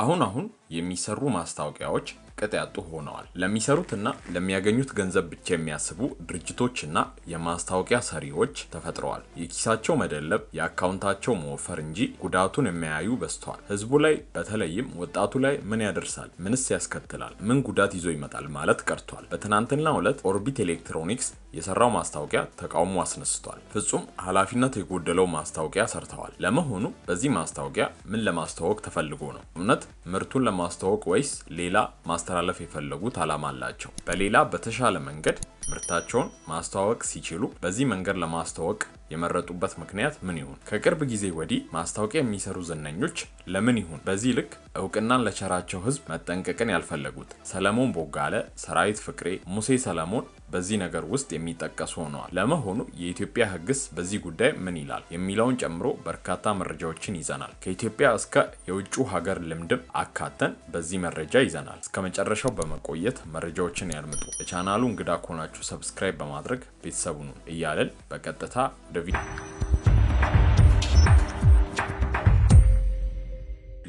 አሁን አሁን የሚሰሩ ማስታወቂያዎች ቅጥ ያጡ ሆነዋል። ለሚሰሩትና ለሚያገኙት ገንዘብ ብቻ የሚያስቡ ድርጅቶችና የማስታወቂያ ሰሪዎች ተፈጥረዋል። የኪሳቸው መደለብ፣ የአካውንታቸው መወፈር እንጂ ጉዳቱን የሚያዩ በዝተዋል። ህዝቡ ላይ በተለይም ወጣቱ ላይ ምን ያደርሳል? ምንስ ያስከትላል? ምን ጉዳት ይዞ ይመጣል ማለት ቀርቷል። በትናንትና ዕለት ኦርቢት ኤሌክትሮኒክስ የሰራው ማስታወቂያ ተቃውሞ አስነስቷል። ፍጹም ኃላፊነት የጎደለው ማስታወቂያ ሰርተዋል። ለመሆኑ በዚህ ማስታወቂያ ምን ለማስተዋወቅ ተፈልጎ ነው? እውነት ምርቱን ለማስተዋወቅ ወይስ ሌላ ማስተላለፍ የፈለጉት ዓላማ አላቸው? በሌላ በተሻለ መንገድ ምርታቸውን ማስተዋወቅ ሲችሉ በዚህ መንገድ ለማስተዋወቅ የመረጡበት ምክንያት ምን ይሁን? ከቅርብ ጊዜ ወዲህ ማስታወቂያ የሚሰሩ ዝነኞች ለምን ይሁን በዚህ ልክ እውቅናን ለቸራቸው ህዝብ መጠንቀቅን ያልፈለጉት? ሰለሞን ቦጋለ፣ ሰራዊት ፍቅሬ፣ ሙሴ ሰለሞን በዚህ ነገር ውስጥ የሚጠቀሱ ሆነዋል። ለመሆኑ የኢትዮጵያ ህግስ በዚህ ጉዳይ ምን ይላል የሚለውን ጨምሮ በርካታ መረጃዎችን ይዘናል። ከኢትዮጵያ እስከ የውጭ ሀገር ልምድም አካተን በዚህ መረጃ ይዘናል። እስከ መጨረሻው በመቆየት መረጃዎችን ያድምጡ። ለቻናሉ እንግዳ ከሆናችሁ ሰብስክራይብ በማድረግ ቤተሰቡን እያለን በቀጥታ ወደ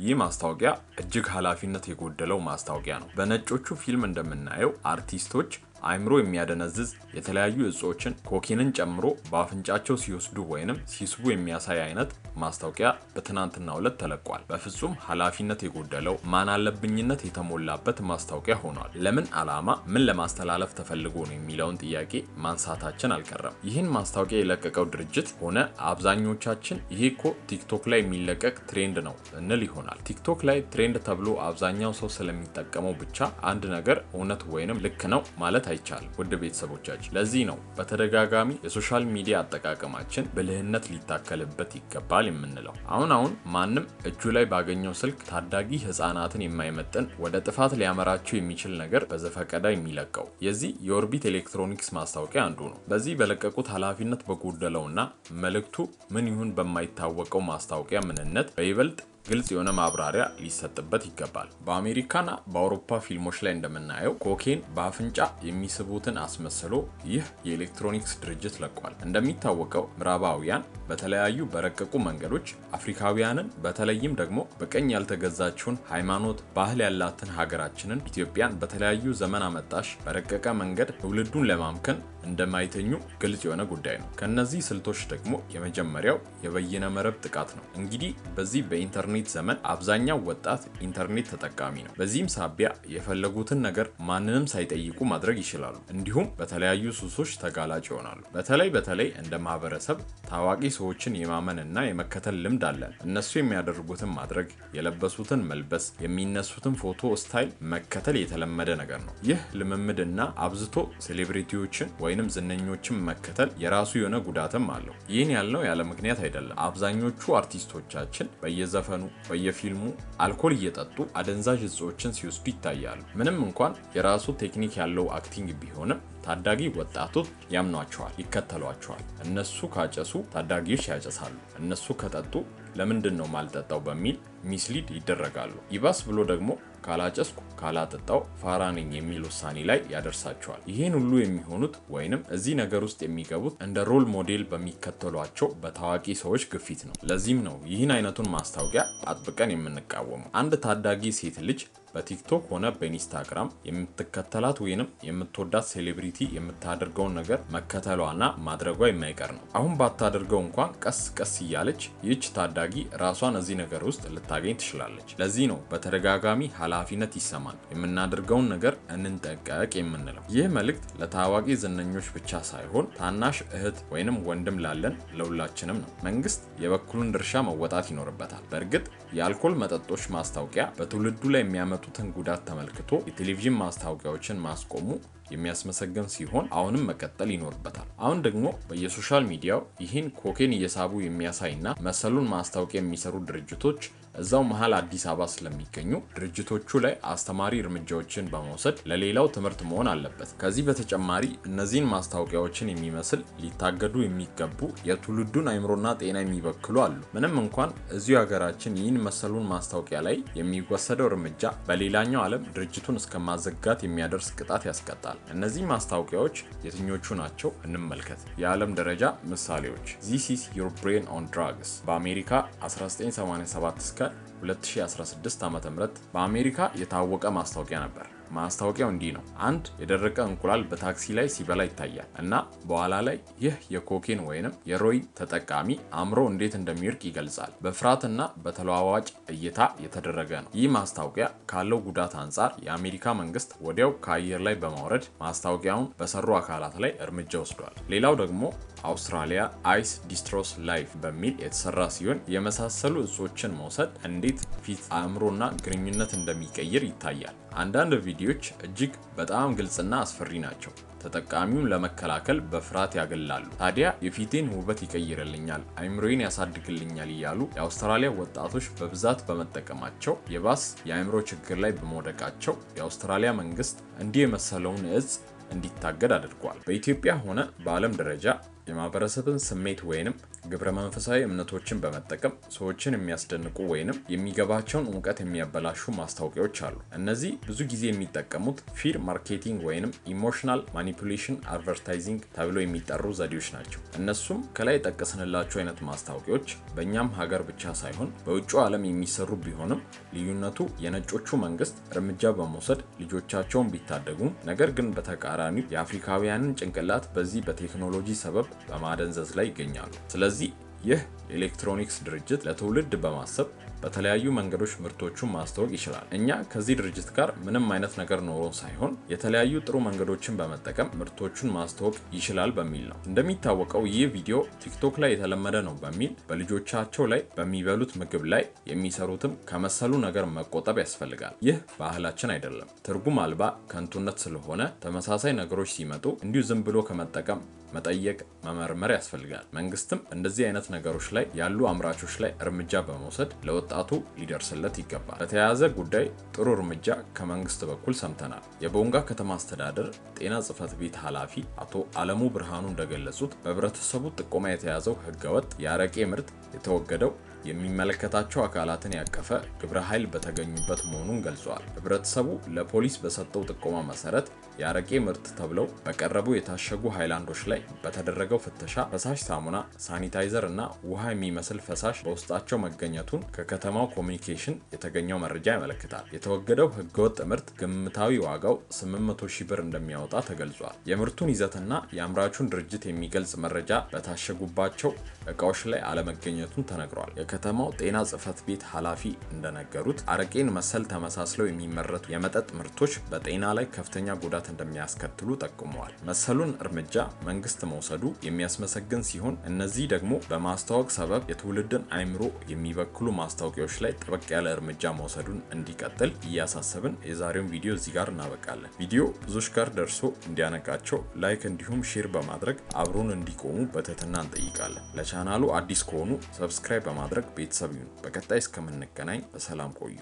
ይህ ማስታወቂያ እጅግ ኃላፊነት የጎደለው ማስታወቂያ ነው። በነጮቹ ፊልም እንደምናየው አርቲስቶች አእምሮ የሚያደነዝዝ የተለያዩ እጾችን ኮኪንን ጨምሮ በአፍንጫቸው ሲወስዱ ወይንም ሲስቡ የሚያሳይ አይነት ማስታወቂያ በትናንትናው ዕለት ተለቋል። በፍጹም ኃላፊነት የጎደለው ማን አለብኝነት የተሞላበት ማስታወቂያ ሆኗል። ለምን ዓላማ፣ ምን ለማስተላለፍ ተፈልጎ ነው የሚለውን ጥያቄ ማንሳታችን አልቀረም። ይህን ማስታወቂያ የለቀቀው ድርጅት ሆነ አብዛኞቻችን ይህ እኮ ቲክቶክ ላይ የሚለቀቅ ትሬንድ ነው እንል ይሆናል። ቲክቶክ ላይ ትሬንድ ተብሎ አብዛኛው ሰው ስለሚጠቀመው ብቻ አንድ ነገር እውነት ወይንም ልክ ነው ማለት አይቻልም። ውድ ቤተሰቦቻችን፣ ለዚህ ነው በተደጋጋሚ የሶሻል ሚዲያ አጠቃቀማችን ብልህነት ሊታከልበት ይገባል የምንለው። አሁን አሁን ማንም እጁ ላይ ባገኘው ስልክ ታዳጊ ህጻናትን የማይመጥን ወደ ጥፋት ሊያመራቸው የሚችል ነገር በዘፈቀዳ የሚለቀው የዚህ የኦርቢት ኤሌክትሮኒክስ ማስታወቂያ አንዱ ነው። በዚህ በለቀቁት ኃላፊነት በጎደለውና መልእክቱ ምን ይሁን በማይታወቀው ማስታወቂያ ምንነት በይበልጥ ግልጽ የሆነ ማብራሪያ ሊሰጥበት ይገባል። በአሜሪካና በአውሮፓ ፊልሞች ላይ እንደምናየው ኮኬን በአፍንጫ የሚስቡትን አስመስሎ ይህ የኤሌክትሮኒክስ ድርጅት ለቋል። እንደሚታወቀው ምዕራባውያን በተለያዩ በረቀቁ መንገዶች አፍሪካውያንን በተለይም ደግሞ በቀኝ ያልተገዛችውን ሃይማኖት፣ ባህል ያላትን ሀገራችንን ኢትዮጵያን በተለያዩ ዘመን አመጣሽ በረቀቀ መንገድ ትውልዱን ለማምከን እንደማይተኙ ግልጽ የሆነ ጉዳይ ነው። ከነዚህ ስልቶች ደግሞ የመጀመሪያው የበይነ መረብ ጥቃት ነው። እንግዲህ በዚህ በኢንተርኔት ዘመን አብዛኛው ወጣት ኢንተርኔት ተጠቃሚ ነው። በዚህም ሳቢያ የፈለጉትን ነገር ማንንም ሳይጠይቁ ማድረግ ይችላሉ። እንዲሁም በተለያዩ ሱሶች ተጋላጭ ይሆናሉ። በተለይ በተለይ እንደ ማህበረሰብ ታዋቂ ሰዎችን የማመን እና የመከተል ልምድ አለን። እነሱ የሚያደርጉትን ማድረግ፣ የለበሱትን መልበስ፣ የሚነሱትን ፎቶ ስታይል መከተል የተለመደ ነገር ነው። ይህ ልምምድና አብዝቶ ሴሌብሪቲዎችን ወይም ወይንም ዝነኞችን መከተል የራሱ የሆነ ጉዳትም አለው። ይህን ያልነው ያለ ምክንያት አይደለም። አብዛኞቹ አርቲስቶቻችን በየዘፈኑ በየፊልሙ አልኮል እየጠጡ አደንዛዥ እጾችን ሲወስዱ ይታያሉ። ምንም እንኳን የራሱ ቴክኒክ ያለው አክቲንግ ቢሆንም ታዳጊ ወጣቶች ያምኗቸዋል፣ ይከተሏቸዋል። እነሱ ካጨሱ ታዳጊዎች ያጨሳሉ፣ እነሱ ከጠጡ ለምንድን ነው ማልጠጣው በሚል ሚስሊድ ይደረጋሉ። ይባስ ብሎ ደግሞ ካላጨስኩ ካላጠጣው ፋራ ነኝ የሚል ውሳኔ ላይ ያደርሳቸዋል። ይህን ሁሉ የሚሆኑት ወይንም እዚህ ነገር ውስጥ የሚገቡት እንደ ሮል ሞዴል በሚከተሏቸው በታዋቂ ሰዎች ግፊት ነው። ለዚህም ነው ይህን አይነቱን ማስታወቂያ አጥብቀን የምንቃወመው። አንድ ታዳጊ ሴት ልጅ በቲክቶክ ሆነ በኢንስታግራም የምትከተላት ወይንም የምትወዳት ሴሌብሪቲ የምታደርገውን ነገር መከተሏና ማድረጓ የማይቀር ነው። አሁን ባታደርገው እንኳን ቀስ ቀስ እያለች ይህች ታዳጊ ራሷን እዚህ ነገር ውስጥ ልታገኝ ትችላለች። ለዚህ ነው በተደጋጋሚ ኃላፊነት ይሰማል የምናደርገውን ነገር እንንጠቀቅ የምንለው። ይህ መልእክት ለታዋቂ ዝነኞች ብቻ ሳይሆን ታናሽ እህት ወይንም ወንድም ላለን ለሁላችንም ነው። መንግስት የበኩሉን ድርሻ መወጣት ይኖርበታል። በእርግጥ የአልኮል መጠጦች ማስታወቂያ በትውልዱ ላይ የሚያመ የሚያመጡትን ጉዳት ተመልክቶ የቴሌቪዥን ማስታወቂያዎችን ማስቆሙ የሚያስመሰገን ሲሆን አሁንም መቀጠል ይኖርበታል። አሁን ደግሞ በየሶሻል ሚዲያው ይህን ኮኬን እየሳቡ የሚያሳይና መሰሉን ማስታወቂያ የሚሰሩ ድርጅቶች እዛው መሀል አዲስ አበባ ስለሚገኙ ድርጅቶቹ ላይ አስተማሪ እርምጃዎችን በመውሰድ ለሌላው ትምህርት መሆን አለበት። ከዚህ በተጨማሪ እነዚህን ማስታወቂያዎችን የሚመስል ሊታገዱ የሚገቡ የትውልዱን አይምሮና ጤና የሚበክሉ አሉ። ምንም እንኳን እዚሁ ሀገራችን ይህን መሰሉን ማስታወቂያ ላይ የሚወሰደው እርምጃ በሌላኛው ዓለም ድርጅቱን እስከ ማዘጋት የሚያደርስ ቅጣት ያስቀጣል። እነዚህ ማስታወቂያዎች የትኞቹ ናቸው እንመልከት። የዓለም ደረጃ ምሳሌዎች ዚስ ኢዝ ዮር ብሬን ኦን ድራግስ በአሜሪካ 1987 እስከ 2016 ዓ.ም በአሜሪካ የታወቀ ማስታወቂያ ነበር። ማስታወቂያው እንዲህ ነው። አንድ የደረቀ እንቁላል በታክሲ ላይ ሲበላ ይታያል እና በኋላ ላይ ይህ የኮኬን ወይንም የሮይ ተጠቃሚ አእምሮ እንዴት እንደሚወድቅ ይገልጻል። በፍርሃትና በተለዋዋጭ እይታ የተደረገ ነው። ይህ ማስታወቂያ ካለው ጉዳት አንጻር የአሜሪካ መንግስት ወዲያው ከአየር ላይ በማውረድ ማስታወቂያውን በሰሩ አካላት ላይ እርምጃ ወስዷል። ሌላው ደግሞ አውስትራሊያ አይስ ዲስትሮስ ላይፍ በሚል የተሰራ ሲሆን የመሳሰሉ እጾችን መውሰድ እንዴት ፊት አእምሮና ግንኙነት እንደሚቀይር ይታያል። አንዳንድ ቪዲዮዎች እጅግ በጣም ግልጽና አስፈሪ ናቸው። ተጠቃሚውን ለመከላከል በፍርሃት ያገላሉ። ታዲያ የፊቴን ውበት ይቀይርልኛል፣ አይምሮዬን ያሳድግልኛል እያሉ የአውስትራሊያ ወጣቶች በብዛት በመጠቀማቸው የባስ የአይምሮ ችግር ላይ በመውደቃቸው የአውስትራሊያ መንግስት እንዲህ የመሰለውን እጽ እንዲታገድ አድርጓል። በኢትዮጵያ ሆነ በዓለም ደረጃ የማህበረሰብን ስሜት ወይንም ግብረ መንፈሳዊ እምነቶችን በመጠቀም ሰዎችን የሚያስደንቁ ወይንም የሚገባቸውን እውቀት የሚያበላሹ ማስታወቂያዎች አሉ። እነዚህ ብዙ ጊዜ የሚጠቀሙት ፊር ማርኬቲንግ ወይንም ኢሞሽናል ማኒፑሌሽን አድቨርታይዚንግ ተብለው የሚጠሩ ዘዴዎች ናቸው። እነሱም ከላይ የጠቀስንላቸው አይነት ማስታወቂያዎች በእኛም ሀገር ብቻ ሳይሆን በውጭ ዓለም የሚሰሩ ቢሆንም ልዩነቱ የነጮቹ መንግስት እርምጃ በመውሰድ ልጆቻቸውን ቢታደጉም ነገር ግን በተቃራኒው የአፍሪካውያንን ጭንቅላት በዚህ በቴክኖሎጂ ሰበብ በማደንዘዝ ላይ ይገኛሉ። ስለዚህ choisi ይህ ኤሌክትሮኒክስ ድርጅት ለትውልድ በማሰብ በተለያዩ መንገዶች ምርቶቹን ማስተዋወቅ ይችላል። እኛ ከዚህ ድርጅት ጋር ምንም አይነት ነገር ኖሮ ሳይሆን የተለያዩ ጥሩ መንገዶችን በመጠቀም ምርቶቹን ማስተዋወቅ ይችላል በሚል ነው። እንደሚታወቀው ይህ ቪዲዮ ቲክቶክ ላይ የተለመደ ነው በሚል በልጆቻቸው ላይ በሚበሉት ምግብ ላይ የሚሰሩትም ከመሰሉ ነገር መቆጠብ ያስፈልጋል። ይህ ባህላችን አይደለም፣ ትርጉም አልባ ከንቱነት ስለሆነ ተመሳሳይ ነገሮች ሲመጡ እንዲሁ ዝም ብሎ ከመጠቀም መጠየቅ፣ መመርመር ያስፈልጋል። መንግስትም እንደዚህ አይነት ነገሮች ላይ ያሉ አምራቾች ላይ እርምጃ በመውሰድ ለወጣቱ ሊደርስለት ይገባል። በተያያዘ ጉዳይ ጥሩ እርምጃ ከመንግስት በኩል ሰምተናል። የቦንጋ ከተማ አስተዳደር ጤና ጽህፈት ቤት ኃላፊ አቶ አለሙ ብርሃኑ እንደገለጹት በህብረተሰቡ ጥቆማ የተያዘው ህገወጥ የአረቄ ምርት የተወገደው የሚመለከታቸው አካላትን ያቀፈ ግብረ ኃይል በተገኙበት መሆኑን ገልጿል። ህብረተሰቡ ለፖሊስ በሰጠው ጥቆማ መሰረት የአረቄ ምርት ተብለው በቀረቡ የታሸጉ ሃይላንዶች ላይ በተደረገው ፍተሻ ፈሳሽ ሳሙና፣ ሳኒታይዘር እና ውሃ የሚመስል ፈሳሽ በውስጣቸው መገኘቱን ከከተማው ኮሚኒኬሽን የተገኘው መረጃ ያመለክታል። የተወገደው ህገወጥ ምርት ግምታዊ ዋጋው 800 ሺህ ብር እንደሚያወጣ ተገልጿል። የምርቱን ይዘትና የአምራቹን ድርጅት የሚገልጽ መረጃ በታሸጉባቸው እቃዎች ላይ አለመገኘቱን ተነግሯል። የከተማው ጤና ጽህፈት ቤት ኃላፊ እንደነገሩት አረቄን መሰል ተመሳስለው የሚመረቱ የመጠጥ ምርቶች በጤና ላይ ከፍተኛ ጉዳት እንደሚያስከትሉ ጠቁመዋል። መሰሉን እርምጃ መንግስት መውሰዱ የሚያስመሰግን ሲሆን እነዚህ ደግሞ በማስታወቅ ሰበብ የትውልድን አይምሮ የሚበክሉ ማስታወቂያዎች ላይ ጠበቅ ያለ እርምጃ መውሰዱን እንዲቀጥል እያሳሰብን የዛሬውን ቪዲዮ እዚህ ጋር እናበቃለን። ቪዲዮ ብዙዎች ጋር ደርሶ እንዲያነቃቸው ላይክ እንዲሁም ሼር በማድረግ አብሮን እንዲቆሙ በትህትና እንጠይቃለን። ለቻናሉ አዲስ ከሆኑ ሰብስክራይብ በማድረግ በማድረግ ቤተሰብ ይሁን። በቀጣይ እስከምንገናኝ በሰላም ቆዩ።